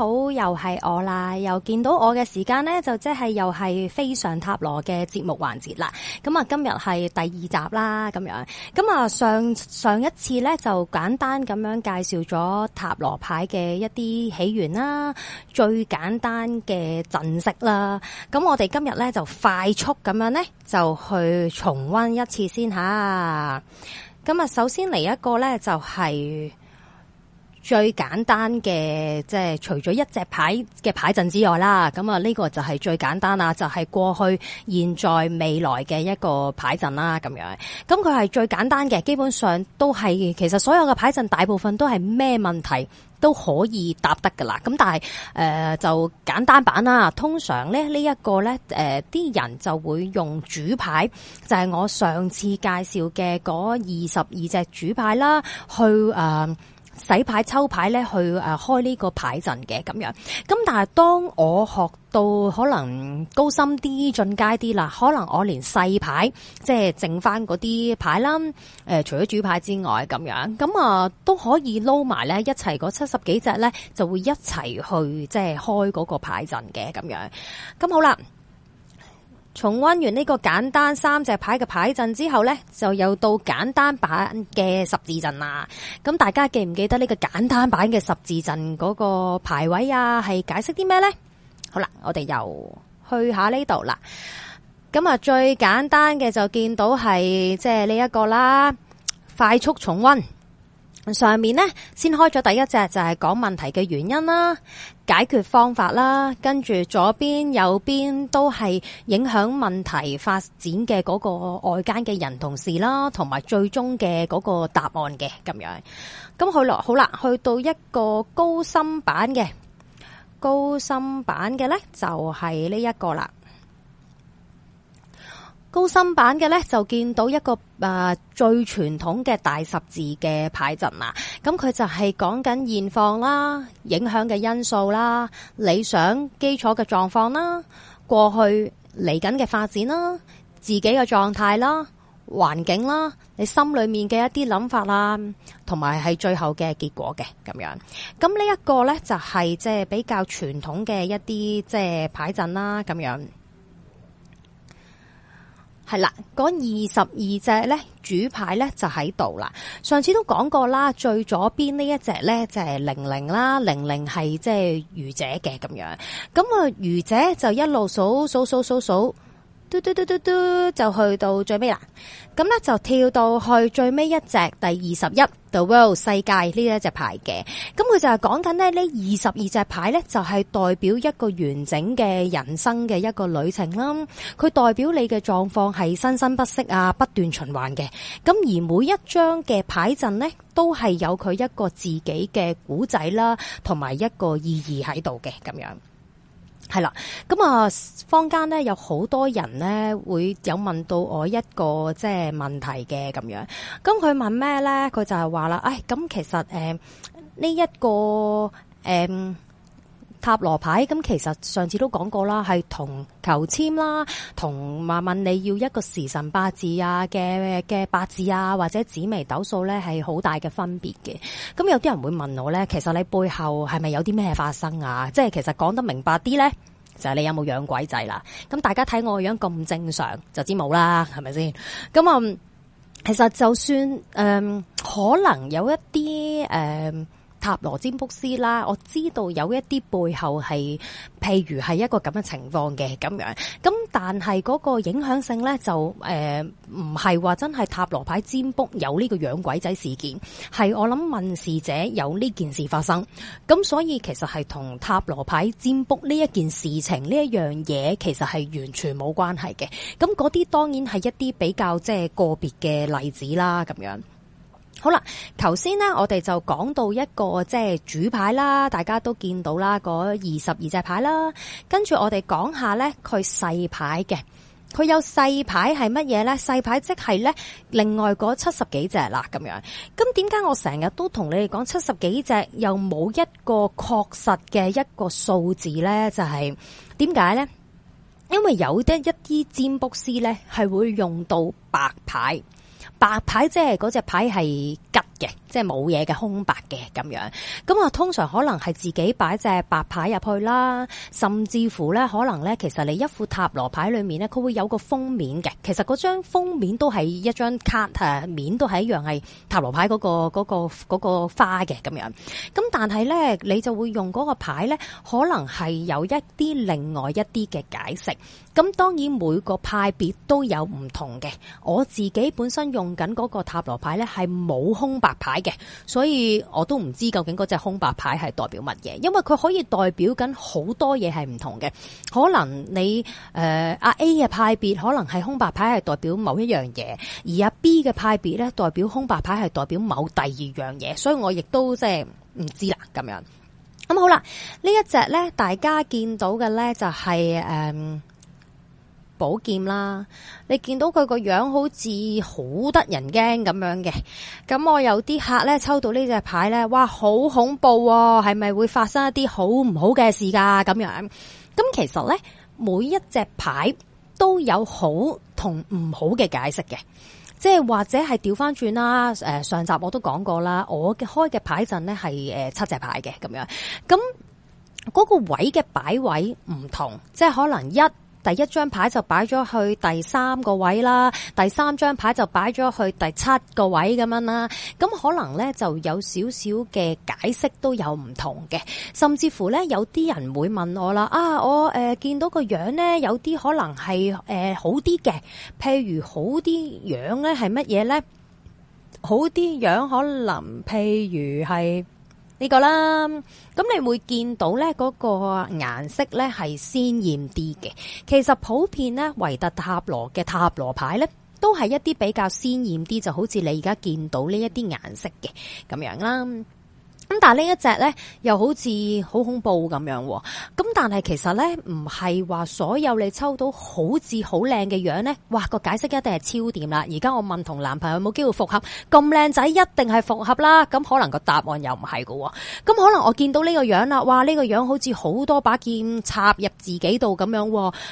好又係我啦，又見到我嘅時間呢，就即係又係菲常塔羅嘅節目環節啦。咁啊，今日係第二集啦，咁樣。咁啊，上上一次呢，就簡單咁樣介紹咗塔羅牌嘅一啲起源啦，最簡單嘅陣式啦。咁我哋今日呢，就快速咁樣呢，就去重溫一次先吓。咁啊，首先嚟，一個呢，就係、是。最簡單嘅，即係除咗一隻牌嘅牌陣之外啦，咁啊呢個就係最簡單啦，就係、是、過去、現在、未來嘅一個牌陣啦，咁樣。咁佢係最簡單嘅，基本上都係其實所有嘅牌陣，大部分都係咩問題都可以答得㗎喇。咁但係誒、呃、就簡單版啦，通常咧呢一個咧誒啲人就會用主牌，就係、是、我上次介紹嘅嗰二十二隻主牌啦，去誒。呃洗牌抽牌咧，去誒開呢個牌陣嘅，咁樣。咁但係當我學到可能高深啲、進階啲啦，可能我連細牌即係剩翻嗰啲牌啦。誒，除咗主牌之外，咁樣咁啊，都可以撈埋咧一齊嗰七十幾隻咧，就會一齊去即係開嗰個牌陣嘅，咁樣。咁好啦。重溫完呢個簡單三隻牌嘅牌陣之後呢，就又到簡單版嘅十字陣啦。咁大家記唔記得呢個簡單版嘅十字陣嗰個牌位啊？係解釋啲咩呢？好啦，我哋又去下呢度啦。咁啊，最簡單嘅就見到係即係呢一個啦，快速重溫。上面呢，先開咗第一隻，就係講問題嘅原因啦、解決方法啦，跟住左邊、右邊都係影響問題發展嘅嗰個外間嘅人同事啦，同埋最終嘅嗰個答案嘅咁樣。咁去落好啦，去到一個高深版嘅高深版嘅呢，就係呢一個啦。高深版嘅呢，就見到一個誒、啊、最傳統嘅大十字嘅牌陣啦。咁佢就係講緊現況啦、影響嘅因素啦、理想基礎嘅狀況啦、過去嚟緊嘅發展啦、自己嘅狀態啦、環境啦、你心裏面嘅一啲諗法啦，同埋係最後嘅結果嘅咁樣。咁呢一個呢，就係即係比較傳統嘅一啲即係牌陣啦咁樣。係啦，嗰二十二隻咧主牌咧就喺度啦。上次都講過啦，最左邊呢一隻咧就係、是、零零啦，零零係即係愚者嘅咁樣。咁啊，愚者就一路數數數數數。嘟嘟嘟嘟嘟，就去到最尾啦。咁咧就跳到去最尾一隻第二十一 The World 世界，呢一隻牌嘅。咁佢就係講緊呢，呢二十二隻牌咧，就係代表一個完整嘅人生嘅一個旅程啦。佢代表你嘅狀況係生生不息啊，不斷循環嘅。咁而每一張嘅牌陣呢，都係有佢一個自己嘅古仔啦，同埋一個意義喺度嘅咁樣。係啦，咁啊，坊間咧有好多人咧會有問到我一個即係問題嘅咁樣。咁佢問咩咧？佢就係話啦，唉、哎，咁其實誒呢一個誒。嗯塔羅牌咁，其實上次都講過啦，係同求簽啦，同話，問你要一個時辰八字啊嘅嘅八字啊，或者紫微斗數咧，係好大嘅分別嘅。咁有啲人會問我咧，其實你背後係咪有啲咩發生啊？即係其實講得明白啲咧，就係、是、你有冇養鬼仔啦。咁大家睇我嘅樣咁正常，就知冇啦，係咪先？咁啊，其實就算誒、呃，可能有一啲誒。呃塔羅占卜師啦，我知道有一啲背後係，譬如係一個咁嘅情況嘅咁樣，咁但係嗰個影響性呢，就誒唔係話真係塔羅牌占卜有呢個養鬼仔事件，係我諗問事者有呢件事發生，咁所以其實係同塔羅牌占卜呢一件事情呢一樣嘢，其實係完全冇關係嘅，咁嗰啲當然係一啲比較即係個別嘅例子啦，咁樣。好啦，頭先呢，我哋就講到一個即係主牌啦，大家都見到啦，嗰二十二隻牌啦。跟住我哋講下呢，佢細牌嘅，佢有細牌係乜嘢呢？細牌即係呢，另外嗰七十幾隻啦，咁樣。咁點解我成日都同你哋講七十幾隻，又冇一個確實嘅一個數字呢？就係點解呢？因為有得一啲占卜師呢，係會用到白牌。白牌即係嗰隻牌係吉嘅。即係冇嘢嘅空白嘅咁樣，咁啊通常可能係自己擺隻白牌入去啦，甚至乎咧可能咧，其實你一副塔羅牌裏面咧，佢會有個封面嘅，其實嗰張封面都係一張卡誒、啊，面都係一樣係塔羅牌嗰個嗰個嗰個花嘅咁樣。咁但係咧，你就會用嗰個牌咧，可能係有一啲另外一啲嘅解釋。咁當然每個派別都有唔同嘅，我自己本身用緊嗰個塔羅牌咧係冇空白牌嘅，所以我都唔知究竟嗰隻空白牌係代表乜嘢，因為佢可以代表緊好多嘢係唔同嘅，可能你誒阿、呃、A 嘅派別可能係空白牌係代表某一樣嘢，而阿 B 嘅派別咧代表空白牌係代表某第二樣嘢，所以我亦都即係唔知啦咁樣。咁、嗯、好啦，這一隻呢一隻咧，大家見到嘅咧就係、是、誒。嗯寶劍啦，你見到佢個樣好似好得人驚咁樣嘅，咁我有啲客咧抽到呢隻牌咧，哇，好恐怖，啊，係咪會發生一啲好唔好嘅事噶，啊？咁樣。咁其實咧，每一隻牌都有好同唔好嘅解釋嘅，即係或者係調翻轉啦。誒，上集我都講過啦，我開嘅牌陣咧係誒七隻牌嘅，咁樣。咁、那、嗰個位嘅擺位唔同，即係可能一。第一張牌就擺咗去第三個位啦，第三張牌就擺咗去第七個位咁樣啦。咁可能呢就有少少嘅解釋都有唔同嘅，甚至乎呢有啲人會問我啦。啊，我、呃、見到個樣呢，有啲可能係、呃、好啲嘅。譬如好啲樣呢係乜嘢呢？好啲樣可能譬如係。呢個啦，咁你會見到咧，嗰個顏色咧係鮮艷啲嘅。其實普遍咧，維特塔羅嘅塔羅牌咧，都係一啲比較鮮艷啲，就好似你而家見到呢一啲顏色嘅咁樣啦。咁但係呢一隻呢又好似好恐怖咁樣。咁但係其實呢，唔係話所有你抽到好似好靚嘅樣呢，哇個解釋一定係超掂啦。而家我問同男朋友有冇機會復合，咁靚仔一定係復合啦。咁可能個答案又唔係噶。咁可能我見到呢個樣啦，哇呢個樣好似好多把劍插入自己度咁樣。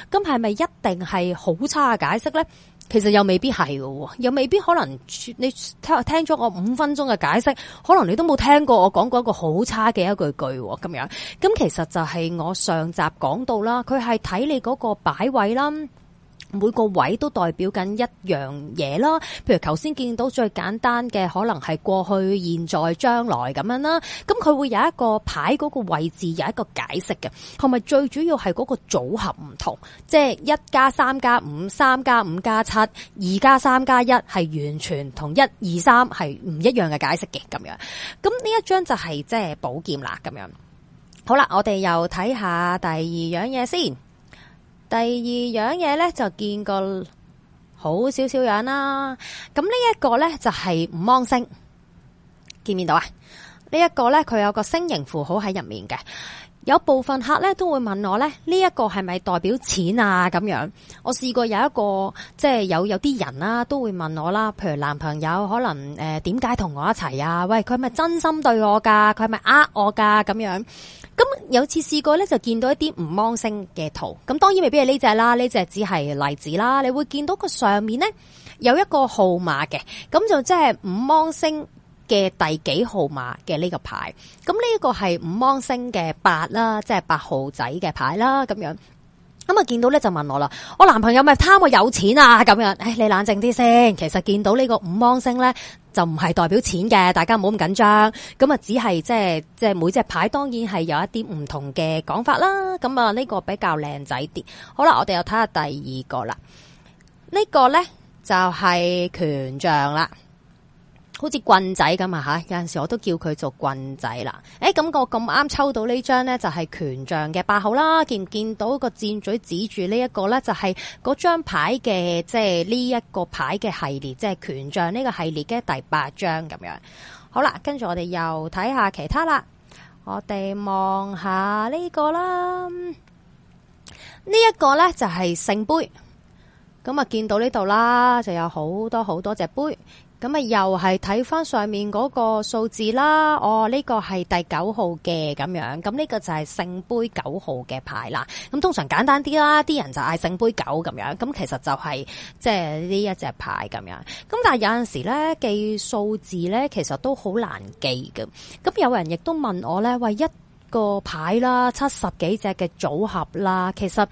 咁係咪一定係好差嘅解釋呢？其實又未必係嘅，又未必可能。你聽聽咗我五分鐘嘅解釋，可能你都冇聽過我講過一個好差嘅一句句咁樣。咁其實就係我上集講到啦，佢係睇你嗰個擺位啦。每個位都代表緊一樣嘢咯，譬如頭先見到最簡單嘅，可能係過去、現在、將來咁樣啦。咁佢會有一個牌嗰個位置有一個解釋嘅，同埋最主要係嗰個組合唔同，即係一加三加五、三加五加七、二加三加一，係完全同一二三係唔一樣嘅解釋嘅咁樣。咁呢一張就係即係寶劍啦咁樣。好啦，我哋又睇下第二樣嘢先。第二樣嘢咧就見個好少少樣啦，咁呢一個咧就係、是、五芒星，見面到啊！這個，呢一個咧佢有個星形符號喺入面嘅，有部分客咧都會問我咧，呢一個係咪代表錢啊咁樣？我試過有一個即係有有啲人啦都會問我啦，譬如男朋友可能誒，點解同我一齊啊？喂，佢係咪真心對我噶？佢係咪呃我噶咁樣？咁有次試過咧，就見到一啲五芒星嘅圖，咁當然未必係呢隻啦，呢隻只係例子啦。你會見到個上面咧有一個號碼嘅，咁就即係五芒星嘅第幾號碼嘅呢個牌，咁呢個係五芒星嘅八啦，即係八號仔嘅牌啦，咁樣。咁啊見到咧就問我啦，我男朋友咪貪我有錢啊？咁樣。唉，你冷靜啲先，其實見到呢個五芒星咧。就唔係代表錢嘅，大家唔好咁緊張。咁啊，只係即係即係每隻牌，當然係有一啲唔同嘅講法啦。咁啊，呢個比較靚仔啲。好啦，我哋又睇下第二個啦。呢個呢就係權杖啦。好似棍仔咁啊吓！有陣時我都叫佢做棍仔啦。誒，咁，個咁啱抽到呢張呢，就係權杖嘅八號啦。見唔見到個箭嘴指住呢一個呢？就係嗰張牌嘅，即係呢一個牌嘅系列，即係權杖呢個系列嘅第八張咁樣。好啦，跟住我哋又睇下其他啦。我哋望下呢個啦，呢一個呢，就係聖杯。咁啊，見到呢度啦，就有好多好多隻杯。咁啊，又係睇翻上面嗰個數字啦。哦，呢個係第九號嘅咁樣，咁呢個就係聖杯九號嘅牌啦。咁通常簡單啲啦，啲人就嗌聖杯九咁樣。咁其實就係即係呢一隻牌咁樣。咁但係有陣時咧記數字咧，其實都好難記嘅。咁有人亦都問我咧，喂，一個牌啦，七十幾隻嘅組合啦，其實。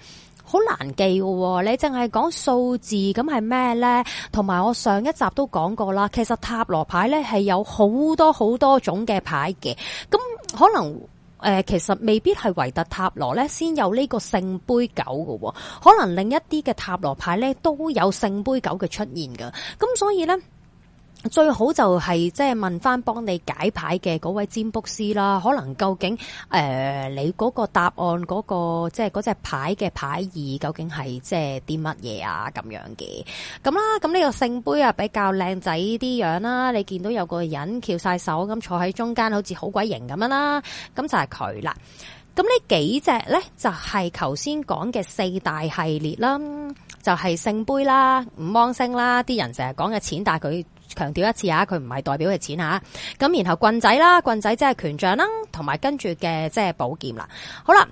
好難記喎。你淨係講數字咁係咩呢？同埋我上一集都講過啦，其實塔羅牌呢係有好多好多種嘅牌嘅，咁可能誒、呃、其實未必係維特塔羅呢先有呢個聖杯九喎。可能另一啲嘅塔羅牌呢都有聖杯九嘅出現嘅，咁所以呢。最好就係即係問翻幫你解牌嘅嗰位占卜師啦，可能究竟誒、呃、你嗰個答案嗰、那個即係嗰隻牌嘅牌意究竟係即係啲乜嘢啊咁樣嘅咁啦。咁呢個聖杯啊比較靚仔啲樣啦，你見到有個人翹晒手咁坐喺中間，好似好鬼型咁樣，樣啦。咁就係佢啦。咁呢幾隻呢，就係頭先講嘅四大系列啦，就係、是、聖杯啦、五芒星啦，啲人成日講嘅錢，但係佢。強調一次啊，佢唔係代表嘅錢吓，咁然後棍仔啦，棍仔即係權杖啦，同埋跟住嘅即係寶劍啦。好啦，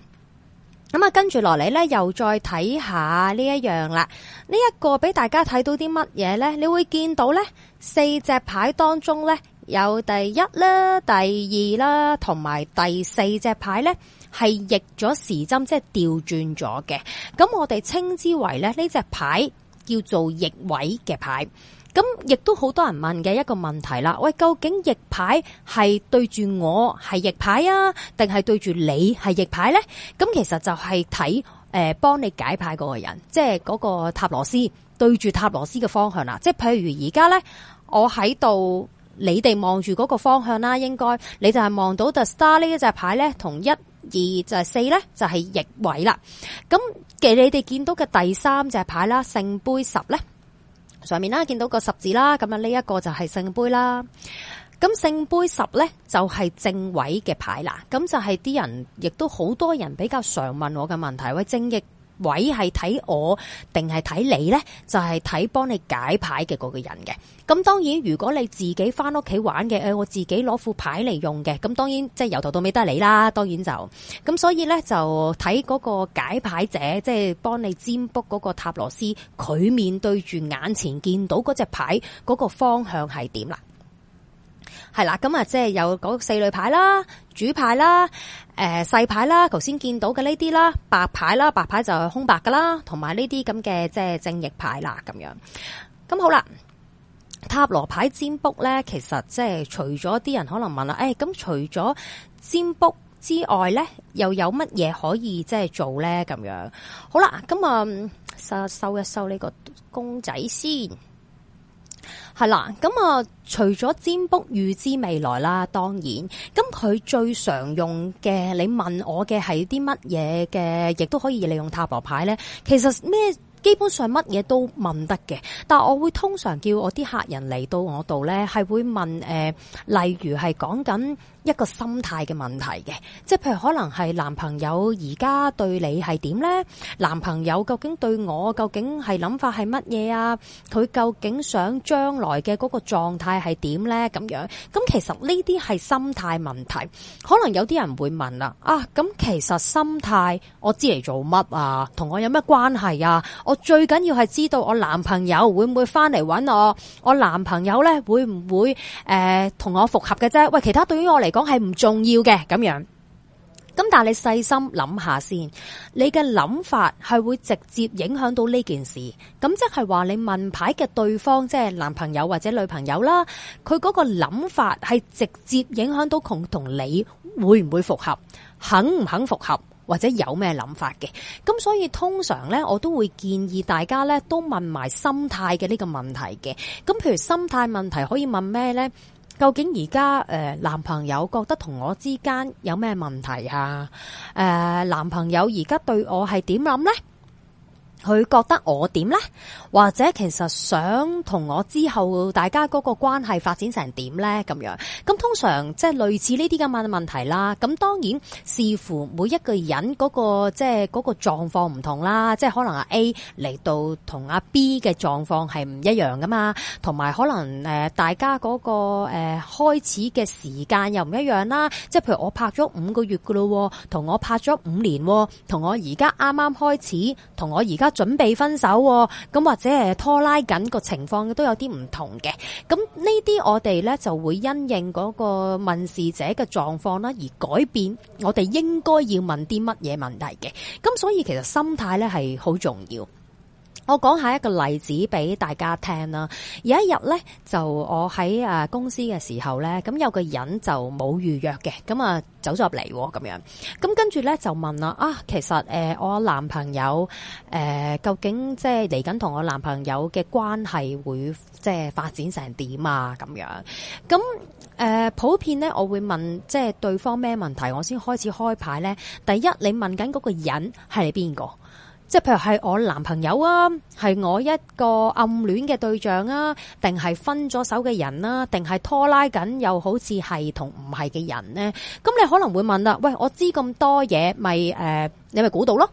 咁啊跟住落嚟咧，又再睇下呢一樣啦。呢一個俾大家睇到啲乜嘢咧？你會見到咧，四隻牌當中咧有第一啦、第二啦，同埋第四隻牌咧係逆咗時針，即係調轉咗嘅。咁我哋稱之為咧呢隻牌叫做逆位嘅牌。咁亦都好多人問嘅一個問題啦，喂，究竟逆牌係對住我係逆牌啊，定係對住你係逆牌呢？咁其實就係睇誒，幫你解牌嗰個人，即係嗰個塔羅斯對住塔羅斯嘅方向啦。即係譬如而家呢，我喺度，你哋望住嗰個方向啦，應該你就係望到 The Star 呢一隻牌呢，同一二就係四呢，就係逆位啦。咁其你哋見到嘅第三隻牌啦，聖杯十呢。上面啦，見到個十字啦，咁啊呢一個就係聖杯啦。咁聖杯十咧就係正位嘅牌啦。咁就係啲人，亦都好多人比較常問我嘅問題，喂，正逆位係睇我定係睇你呢？就係睇幫你解牌嘅嗰個人嘅。咁當然，如果你自己翻屋企玩嘅，誒，我自己攞副牌嚟用嘅。咁當然，即係由頭到尾都係你啦。當然就咁，所以呢，就睇嗰個解牌者，即係幫你占卜嗰個塔羅斯，佢面對住眼前見到嗰隻牌嗰個方向係點啦。係啦，咁啊，即係有四類牌啦、主牌啦、誒、呃、細牌啦，頭先見到嘅呢啲啦、白牌啦、白牌就係空白噶啦，同埋呢啲咁嘅即係正逆牌啦，咁樣。咁好啦，塔羅牌占卜咧，其實即係除咗啲人可能問啦，誒、欸，咁除咗占卜之外咧，又有乜嘢可以即係做咧？咁樣，好啦，咁啊，收、嗯、收一收呢個公仔先。係啦，咁啊，除咗占卜預知未來啦，當然，咁佢最常用嘅，你問我嘅係啲乜嘢嘅，亦都可以利用塔羅牌咧。其實咩，基本上乜嘢都問得嘅。但係我會通常叫我啲客人嚟到我度咧，係會問誒、呃，例如係講緊。一個心態嘅問題嘅，即係譬如可能係男朋友而家對你係點咧？男朋友究竟對我究竟係諗法係乜嘢啊？佢究竟想將來嘅嗰個狀態係點咧？咁樣，咁其實呢啲係心態問題。可能有啲人會問啊啊，咁其實心態我知嚟做乜啊？同我有咩關係啊？我最緊要係知道我男朋友會唔會翻嚟搵我？我男朋友咧會唔會誒同、呃、我復合嘅啫？喂，其他對於我嚟。講係唔重要嘅咁樣，咁但係你細心諗下先，你嘅諗法係會直接影響到呢件事，咁即係話你問牌嘅對方，即係男朋友或者女朋友啦，佢嗰個諗法係直接影響到窮同你會唔會復合，肯唔肯復合，或者有咩諗法嘅，咁所以通常呢，我都會建議大家呢，都問埋心態嘅呢個問題嘅，咁譬如心態問題可以問咩呢？究竟而家誒男朋友覺得同我之間有咩問題啊？誒、呃、男朋友而家對我係點諗咧？佢覺得我點咧？或者其實想同我之後大家個關係發展成點咧？咁樣咁通常即係類似呢啲咁樣嘅問題啦。咁當然視乎每一個人、嗰個即係個狀況唔同啦。即係可能阿 A 嚟到同阿 B 嘅狀況係唔一樣噶嘛。同埋可能誒大家、嗰個誒、呃、開始嘅時間又唔一樣啦。即係譬如我拍咗五個月噶咯，同我拍咗五年，同我而家啱啱開始，同我而家。準備分手咁或者拖拉緊個情況都有啲唔同嘅，咁呢啲我哋呢就會因應嗰個問事者嘅狀況啦，而改變我哋應該要問啲乜嘢問題嘅，咁所以其實心態呢係好重要。我講下一個例子俾大家聽啦。有一日咧，就我喺誒公司嘅時候咧，咁有個人就冇預約嘅，咁啊走咗入嚟咁樣。咁跟住咧就問啦，啊其實誒、呃、我男朋友誒、呃、究竟即係嚟緊同我男朋友嘅關係會即係發展成點啊？咁樣咁誒、呃、普遍咧我會問即係對方咩問題，我先開始開牌咧。第一你問緊嗰個人係邊個？即係譬如係我男朋友啊，係我一個暗戀嘅對象啊，定係分咗手嘅人啊，定係拖拉緊又好似係同唔係嘅人咧？咁你可能會問啦，喂，我知咁多嘢，咪誒、呃，你咪估到咯？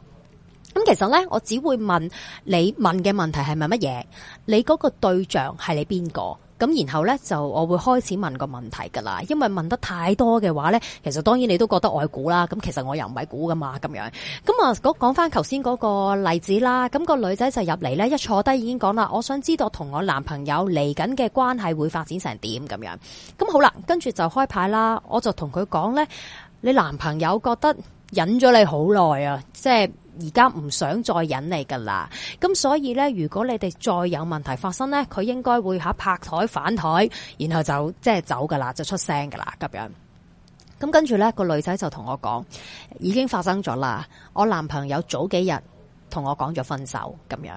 咁其實咧，我只會問你問嘅問題係咪乜嘢？你嗰個對象係你邊個？咁然後呢，就我會開始問個問題噶啦，因為問得太多嘅話呢，其實當然你都覺得我係估啦。咁其實我又唔係估噶嘛，咁樣咁啊。講返翻頭先嗰個例子啦，咁、個女仔就入嚟呢，一坐低已經講啦，我想知道同我，我男朋友嚟緊嘅關係會發展成點咁樣。咁好啦，跟住就開牌啦，我就同佢講呢：「你男朋友覺得忍咗你好耐啊，即係。而家唔想再忍你噶啦，咁所以呢，如果你哋再有問題發生呢，佢應該會吓拍台反台，然後就即係、就是、走噶啦，就出聲噶啦咁樣。咁跟住呢個女仔就同我講，已經發生咗啦，我男朋友早幾日。同我講咗分手咁樣，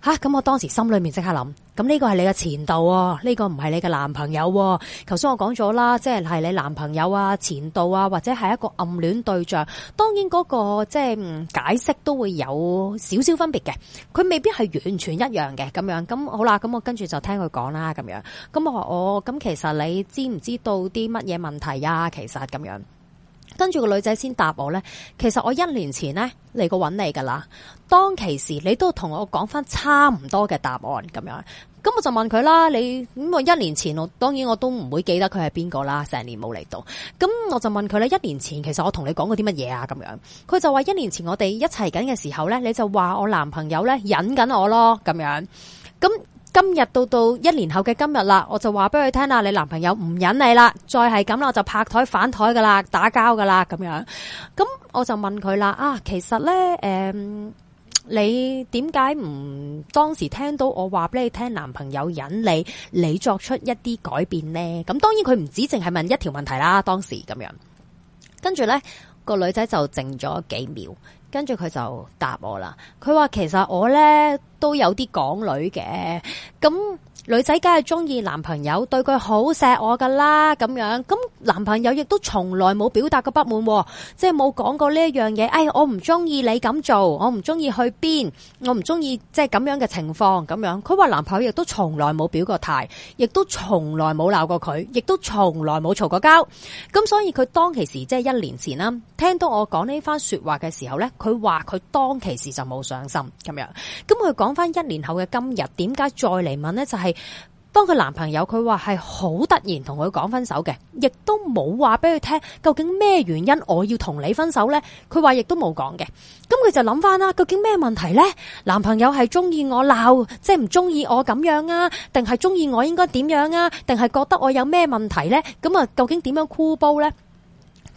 吓、啊、咁我當時心裏面即刻諗，咁呢個係你嘅前度、啊，呢、這個唔係你嘅男朋友、啊。頭先我講咗啦，即係係你男朋友啊、前度啊，或者係一個暗戀對象。當然嗰、那個即係解釋都會有少少分別嘅，佢未必係完全一樣嘅咁樣。咁好啦，咁我跟住就聽佢講啦咁樣。咁我話我，咁、哦、其實你知唔知道啲乜嘢問題啊？其實咁樣。跟住個女仔先答我呢。其實我一年前呢，嚟過揾你噶啦。當其時你都同我講翻差唔多嘅答案咁樣，咁我就問佢啦，你咁我一年前我當然我都唔會記得佢係邊個啦，成年冇嚟到，咁我就問佢咧，一年前其實我同你講過啲乜嘢啊？咁樣，佢就話一年前我哋一齊緊嘅時候呢，你就話我男朋友呢，引緊我咯，咁樣，咁。今日到到一年後嘅今日啦，我就話俾佢聽啦，你男朋友唔忍你啦，再係咁啦，我就拍台反台噶啦，打交噶啦咁樣。咁我就問佢啦，啊，其實呢，誒、嗯，你點解唔當時聽到我話俾你聽男朋友忍你，你作出一啲改變呢？咁當然佢唔止淨係問一條問題啦，當時咁樣，跟住呢個女仔就靜咗幾秒。跟住佢就答我啦，佢話其實我咧都有啲港女嘅，咁。女仔梗係中意男朋友，對佢好錫我噶啦咁樣，咁男朋友亦都從來冇表達過不滿，即係冇講過呢一，哎，樣嘢。誒，我唔中意你咁做，我唔中意去邊，我唔中意即係咁樣嘅情況咁樣。佢話男朋友亦都從來冇表過態，亦都從來冇鬧過佢，亦都從來冇嘈過交。咁所以佢當其時即係，就是，一年前啦，聽到我講呢番說話嘅時候咧，佢話佢當其時就冇上心咁樣。咁佢講翻一年後嘅今日，點解再嚟問咧？就係，是。當佢男朋友，佢話係好突然同佢講分手嘅，亦都冇話俾佢聽究竟咩原因我要同你分手呢？佢話亦都冇講嘅，咁佢就諗翻啦，究竟咩問題呢？男朋友係中意我鬧，即係唔中意我咁樣啊？定係中意我應該點樣啊？定係覺得我有咩問題呢？咁啊，究竟點樣箍煲呢？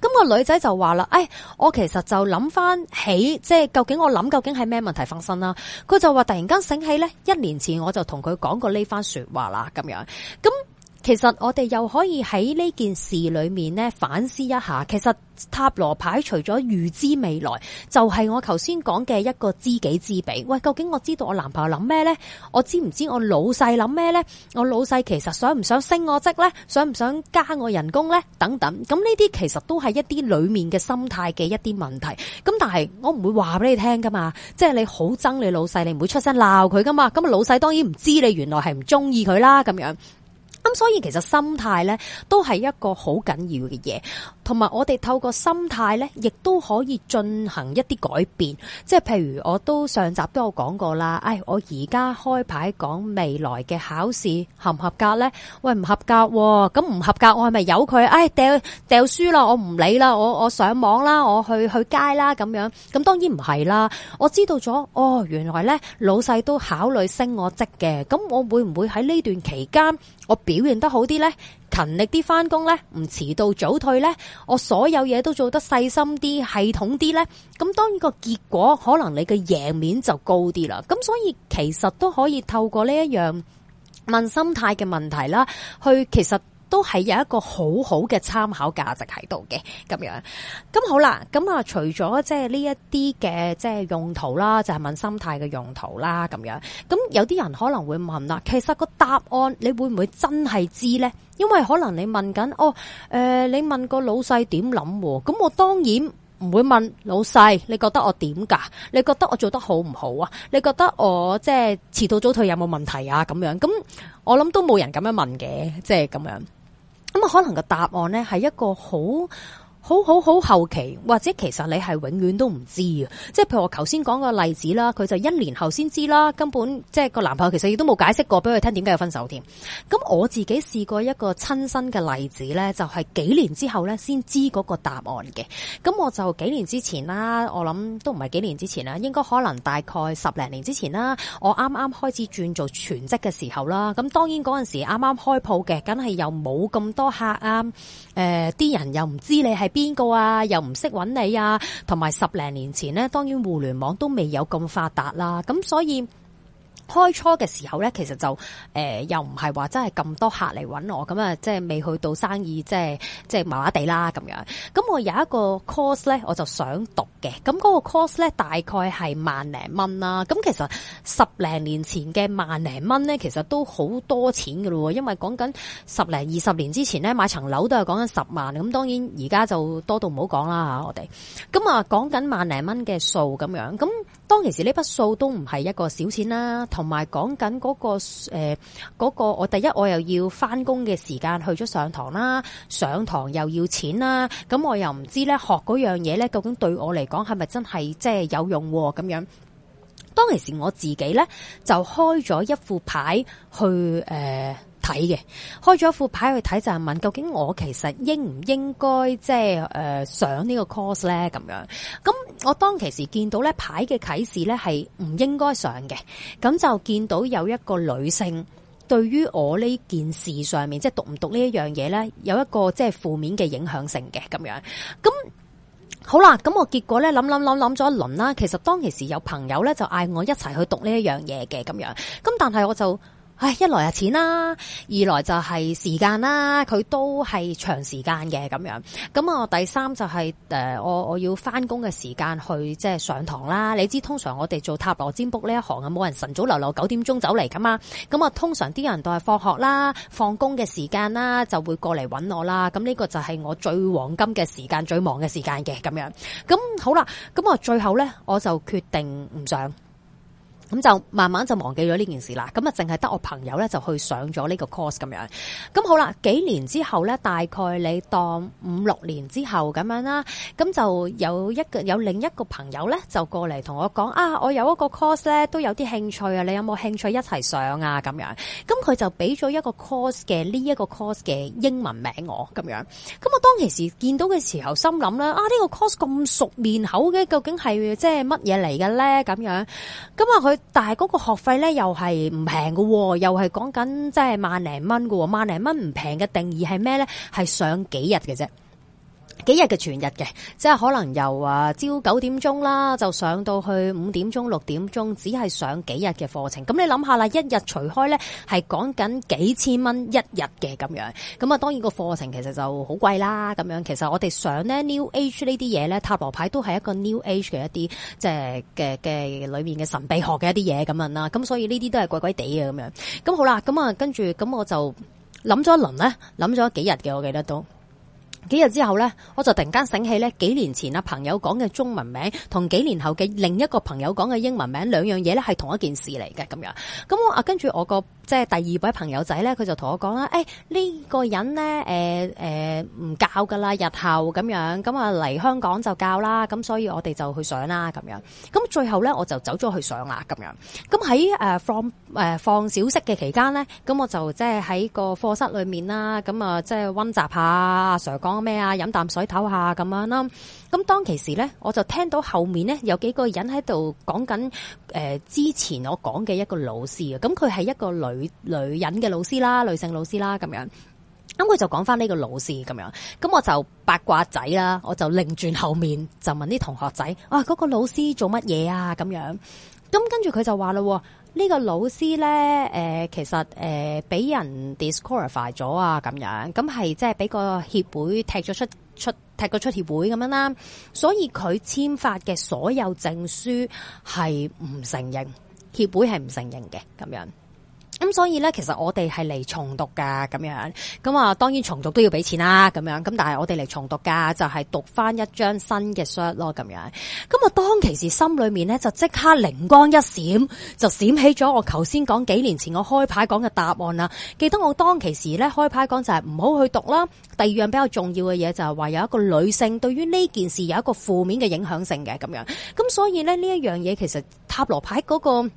咁個女仔就話啦：，誒，我其實就諗翻起，即係究竟我諗究竟係咩問題發生啦。佢就話突然間醒起咧，一年前我就同佢講過呢番說話啦，咁樣。咁其實我哋又可以喺呢件事裏面咧反思一下。其實塔羅牌除咗預知未來，就係我頭先講嘅一個知己知彼。喂，究竟我知道我男朋友諗咩呢？我知唔知我老細諗咩呢？我老細其實想唔想升我職呢？想唔想加我人工呢？等等，咁呢啲其實都係一啲裏面嘅心態嘅一啲問題。咁但係我唔會話俾你聽噶嘛，即係你好憎你老細，你唔會出聲鬧佢噶嘛。咁啊，老細當然唔知你原來係唔中意佢啦，咁樣。咁所以其實心態咧都係一個好緊要嘅嘢，同埋我哋透過心態咧，亦都可以進行一啲改變。即係譬如我都上集都有講過啦，唉，我而家開牌講未來嘅考試合唔合格咧？喂，唔合格喎，哦，咁唔合格，我係咪由佢？唉，掉掉書啦，我唔理啦，我我上網啦，我去去街啦，咁樣，咁當然唔係啦。我知道咗，哦，原來咧，老細都考慮升我職嘅，咁我會唔會喺呢段期間？我表現得好啲呢，勤力啲翻工呢，唔遲到早退呢。我所有嘢都做得細心啲、系統啲呢。咁當然個結果可能你嘅贏面就高啲啦。咁所以其實都可以透過呢一樣問心態嘅問題啦，去其實。都係有一個好好嘅參考價值喺度嘅，咁樣，咁好啦，咁啊，除咗即係呢一啲嘅即係用途啦，就係問心態嘅用途啦，咁樣，咁有啲人可能會問啦，其實個答案你會唔會真係知呢？因為可能你問緊哦，誒、呃，你問個老細點諗？咁我當然唔會問老細，你覺得我點噶？你覺得我做得好唔好啊？你覺得我即係遲到早退有冇問題啊？咁樣，咁我諗都冇人咁樣問嘅，即係咁樣。咁啊可能嘅答案咧，係一個好。好好好，後期或者其實你係永遠都唔知啊，即係譬如我頭先講個例子啦，佢就一年後先知啦，根本即係個男朋友其實亦都冇解釋過俾佢聽點解要分手添。咁我自己試過一個親身嘅例子咧，就係幾年之後咧先知嗰個答案嘅。咁我就幾年之前啦，我諗都唔係幾年之前啦，應該可能大概十零年之前啦，我啱啱開始轉做全職嘅時候啦。咁當然嗰陣時啱啱開鋪嘅，梗係又冇咁多客啱，誒啲人又唔知你係邊個啊？又唔識揾你啊，同埋十零年前呢，當然互聯網都未有咁發達啦，咁所以。開初嘅時候咧，其實就誒、呃、又唔係話真係咁多客嚟揾我，咁啊即係未去到生意，即係即係麻麻地啦咁樣。咁我有一個 course 咧，我就想讀嘅。咁、那、嗰個 course 咧，大概係萬零蚊啦。咁其實十零年前嘅萬零蚊咧，其實都好多錢噶咯，因為講緊十零二十年之前咧，買層樓都係講緊十萬。咁當然而家就多到唔好講啦吓，我哋。咁啊講緊萬零蚊嘅數咁樣，咁當其時呢筆數都唔係一個小錢啦。同埋講緊嗰個誒，嗰、呃那個我第一我又要返工嘅時間去咗上堂啦，上堂又要錢啦，咁我又唔知咧學嗰樣嘢咧，究竟對我嚟講係咪真係即係有用咁樣？當其時我自己咧就開咗一副牌去誒，呃睇嘅，開咗一副牌去睇就係問，究竟我其實應唔應該即係誒上個課呢個 course 咧？咁樣，咁我當其時見到咧牌嘅啟示咧係唔應該上嘅，咁就見到有一個女性對於我呢件事上面，即係讀唔讀呢一樣嘢咧，有一個即係負面嘅影響性嘅咁樣。咁好啦，咁我結果咧諗諗諗諗咗一輪啦，其實當其時有朋友咧就嗌我一齊去讀呢一樣嘢嘅咁樣，咁但係我就。唉、哎，一來係錢啦，二來就係時間啦，佢都係長時間嘅咁樣。咁啊，第三就係、是、誒、呃，我我要返工嘅時間去即係上堂啦。你知通常我哋做塔羅占卜呢一行啊，冇人晨早流流九點鐘走嚟㗎嘛。咁啊，通常啲人都係放學啦、放工嘅時間啦，就會過嚟揾我啦。咁呢個就係我最黃金嘅時間、最忙嘅時間嘅咁樣。咁好啦，咁我最後咧，我就決定唔上。咁就慢慢就忘記咗呢件事啦。咁啊，淨係得我朋友咧就去上咗呢個 course 咁樣。咁好啦，幾年之後咧，大概你當五六年之後咁樣啦。咁就有一個有另一個朋友咧，就過嚟同我講啊，我有一個 course 咧都有啲興趣啊，你有冇興趣一齊上啊？咁樣。咁佢就俾咗一個 course 嘅呢一個 course 嘅英文名我咁樣。咁我當其時見到嘅時候，心諗啦啊，呢個 course 咁熟面口嘅，究竟係即係乜嘢嚟嘅咧？咁樣。咁啊，佢。但係嗰個學費咧，又係唔平嘅，又係講緊即係萬零蚊嘅，萬零蚊唔平嘅定義係咩咧？係上幾日嘅啫。幾日嘅全日嘅，即係可能由啊朝九點鐘啦，就上到去五點鐘、六點鐘，只係上幾日嘅課程。咁你諗下啦，一日除開咧，係講緊幾千蚊一日嘅咁樣。咁啊，當然個課程其實就好貴啦。咁樣，其實我哋上呢 New Age 呢啲嘢咧，塔羅牌都係一個 New Age 嘅一啲即係嘅嘅裏面嘅神秘學嘅一啲嘢咁樣啦。咁所以呢啲都係鬼鬼地嘅咁樣。咁好啦，咁啊跟住咁我就諗咗一輪咧，諗咗幾日嘅，我記得都。幾日之後咧，我就突然間醒起咧，幾年前啊朋友講嘅中文名，同幾年後嘅另一個朋友講嘅英文名，兩樣嘢咧，係同一件事嚟嘅咁樣。咁我啊跟住我個即係第二位朋友仔咧，佢就同我講啦：誒呢個人咧，誒誒，唔教噶啦，日後咁樣。咁啊嚟香港就教啦。咁所以我哋就去上啦咁樣。咁最後咧，我就走咗去上啦咁樣。咁喺誒放誒放小息嘅期間咧，咁我就即係喺個課室裏面啦，咁啊即係溫習下阿 Sir 講咩啊？飲啖水唞下咁樣啦。咁當其時咧，我就聽到後面咧有幾個人喺度講緊誒，之前我講嘅一個老師啊，咁佢係一個女女人嘅老師啦，女性老師啦咁樣。咁佢就講翻呢個老師咁樣。咁我就八卦仔啦，我就擰轉後面就問啲同學仔啊，嗰個老師做乜嘢啊？咁樣。咁跟住佢就話喎。呢個老師咧，誒、呃、其實誒俾、呃、人 disqualify 咗啊，咁樣，咁係即係俾個協會踢咗出出踢個出協會咁樣啦，所以佢簽發嘅所有證書係唔承認協會係唔承認嘅咁樣。咁、嗯、所以咧，其實我哋係嚟重讀噶咁樣，咁啊，當然重讀都要俾錢啦咁樣，咁但係我哋嚟重讀噶就係讀翻一張新嘅 s h r t 咯咁樣。咁啊，當其時心裏面咧就即刻靈光一閃，就閃起咗我頭先講幾年前我開牌講嘅答案啦。記得我當其時咧開牌講就係唔好去讀啦。第二樣比較重要嘅嘢就係話有一個女性對於呢件事有一個負面嘅影響性嘅咁樣。咁所以呢，呢一樣嘢其實塔羅牌嗰、嗰個。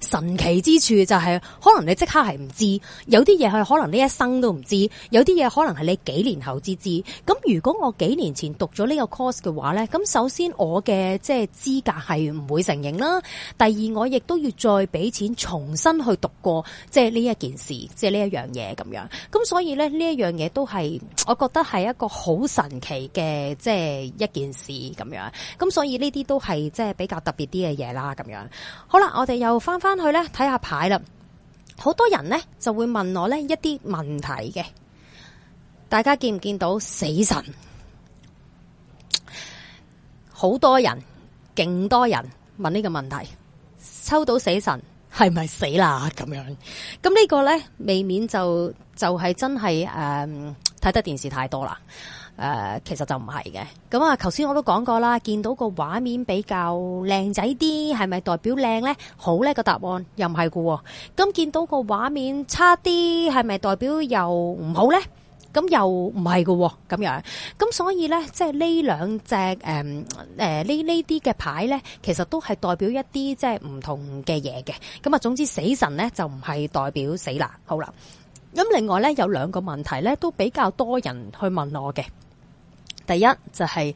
神奇之處就係、是，可能你即刻係唔知，有啲嘢係可能呢一生都唔知，有啲嘢可能係你幾年後至知。咁如果我幾年前讀咗呢個 course 嘅話呢，咁首先我嘅即係資格係唔會承認啦。第二，我亦都要再俾錢重新去讀過即係呢一,一件事，即係呢一樣嘢咁樣。咁所以呢一樣嘢都係，我覺得係一個好神奇嘅即係一件事咁樣。咁所以呢啲都係即係比較特別啲嘅嘢啦。咁樣好啦，我哋又翻。翻翻去咧睇下牌啦，好多人呢就會問我呢一啲問題嘅，大家見唔見到死神？好多人，勁多人問呢個問題，抽到死神係咪死啦？咁 樣，咁呢個呢，未免就，就係、是、真係誒，睇、嗯、得電視太多啦。誒、呃，其實就唔係嘅。咁啊，頭先我都講過啦，見到個畫面比較靚仔啲，係咪代表靚呢好呢？個答案又唔係㗎喎。咁見到個畫面差啲，係咪代表又唔好呢？咁又唔係㗎喎。咁樣，咁所以呢，即係呢兩隻誒誒呢呢啲嘅牌呢，其實都係代表一啲即係唔同嘅嘢嘅。咁啊，總之死神呢，就唔係代表死啦，好啦。咁另外呢，有兩個問題呢，都比較多人去問我嘅。第一就係、是、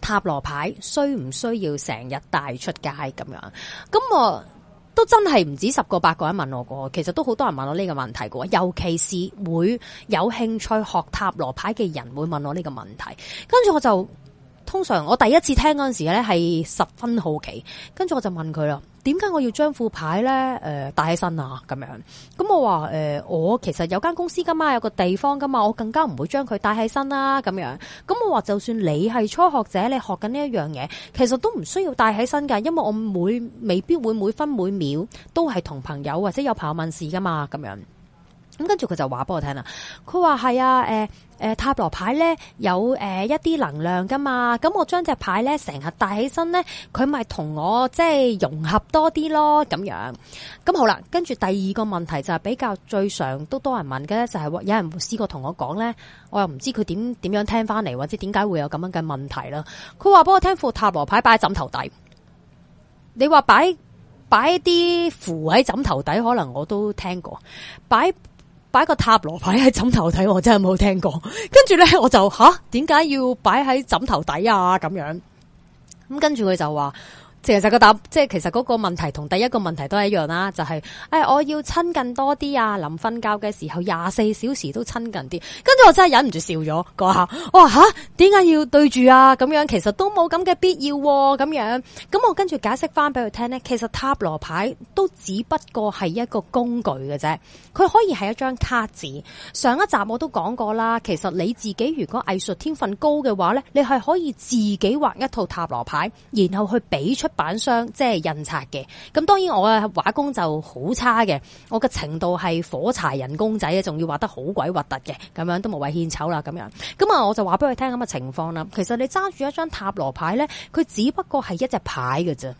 塔羅牌需唔需要成日帶出街咁樣？咁我都真係唔止十個八個人問我過，其實都好多人問我呢個問題嘅，尤其是會有興趣學塔羅牌嘅人會問我呢個問題，跟住我就。通常我第一次聽嗰陣時咧，係十分好奇，跟住我就問佢咯，點解我要將副牌咧誒帶起身啊？咁樣咁我話誒、呃，我其實有間公司噶嘛，有個地方噶嘛，我更加唔會將佢帶起身啦。咁樣咁我話就算你係初學者，你學緊呢一樣嘢，其實都唔需要帶起身噶，因為我每未必會每分每秒都係同朋友或者有朋友問事噶嘛，咁樣。咁跟住佢就話俾我聽啦，佢話係啊，誒、呃、誒、呃、塔羅牌咧有誒、呃、一啲能量噶嘛，咁我將隻牌咧成日帶起身咧，佢咪同我即係融合多啲咯，咁樣。咁好啦，跟住第二個問題就係、是、比較最常都多人問嘅咧，就係、是、有人試過同我講咧，我又唔知佢點點樣聽翻嚟，或者點解會有咁樣嘅問題啦。佢話俾我聽副塔羅牌擺喺枕頭底，你話擺擺啲符喺枕頭底，可能我都聽過擺。擺個塔羅牌喺枕頭底，我真係冇聽過。跟住咧，我就吓，點解要擺喺枕頭底啊？咁樣咁，跟住佢就話。其實個答，即係其實個問題同第一個問題都係一樣啦，就係，誒，我要親近多啲啊，臨瞓覺嘅時候廿四小時都親近啲，跟住我真係忍唔住笑咗個下，哇吓，點解要對住啊？咁樣其實都冇咁嘅必要，咁樣，咁我跟住解釋翻俾佢聽咧，其實塔羅牌都只不過係一個工具嘅啫，佢可以係一張卡紙。上一集我都講過啦，其實你自己如果藝術天分高嘅話咧，你係可以自己畫一套塔羅牌，然後去比出版商即係印刷嘅，咁當然我嘅畫工就好差嘅，我嘅程度係火柴人公仔啊，仲要畫得好鬼核突嘅，咁樣都冇謂獻醜啦，咁樣，咁啊我就話俾佢聽咁嘅情況啦。其實你揸住一張塔羅牌咧，佢只不過係一隻牌㗎啫，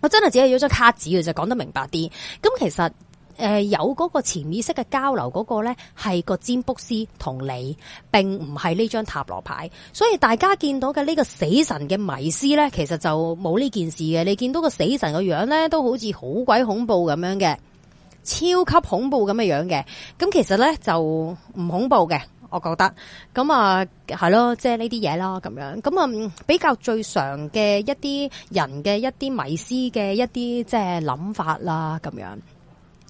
我真係只係要一張卡紙嘅啫，講得明白啲。咁其實。誒、呃，有嗰個潛意識嘅交流嗰個呢係個占卜師同你，並唔係呢張塔羅牌。所以大家見到嘅呢個死神嘅迷思呢，其實就冇呢件事嘅。你見到個死神個樣呢，都好似好鬼恐怖咁樣嘅，超級恐怖咁嘅樣嘅。咁其實呢，就唔恐怖嘅，我覺得咁啊係、就是、咯，即係呢啲嘢啦，咁樣咁啊比較最常嘅一啲人嘅一啲迷思嘅一啲即係諗法啦，咁樣。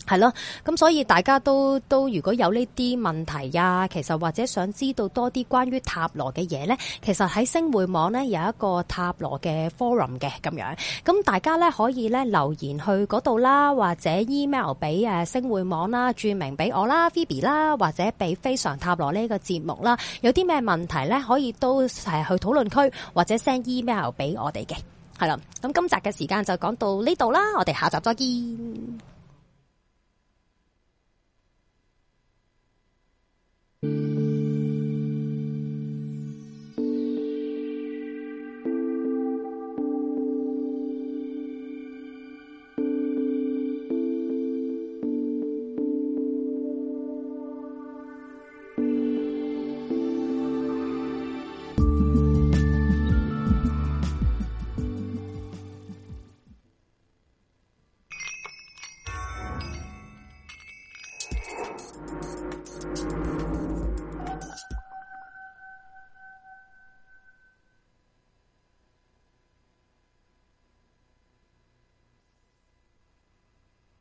係咯，咁所以大家都都如果有呢啲問題啊，其實或者想知道多啲關於塔羅嘅嘢呢，其實喺星匯網呢有一個塔羅嘅 forum 嘅咁樣，咁大家呢可以呢留言去嗰度啦，或者 email 俾誒、啊、星匯網啦，註明俾我啦，Phoebe 啦，或者俾非常塔羅呢個節目啦，有啲咩問題呢，可以都係去討論區或者 send email 俾我哋嘅，係啦，咁今集嘅時間就講到呢度啦，我哋下集再見。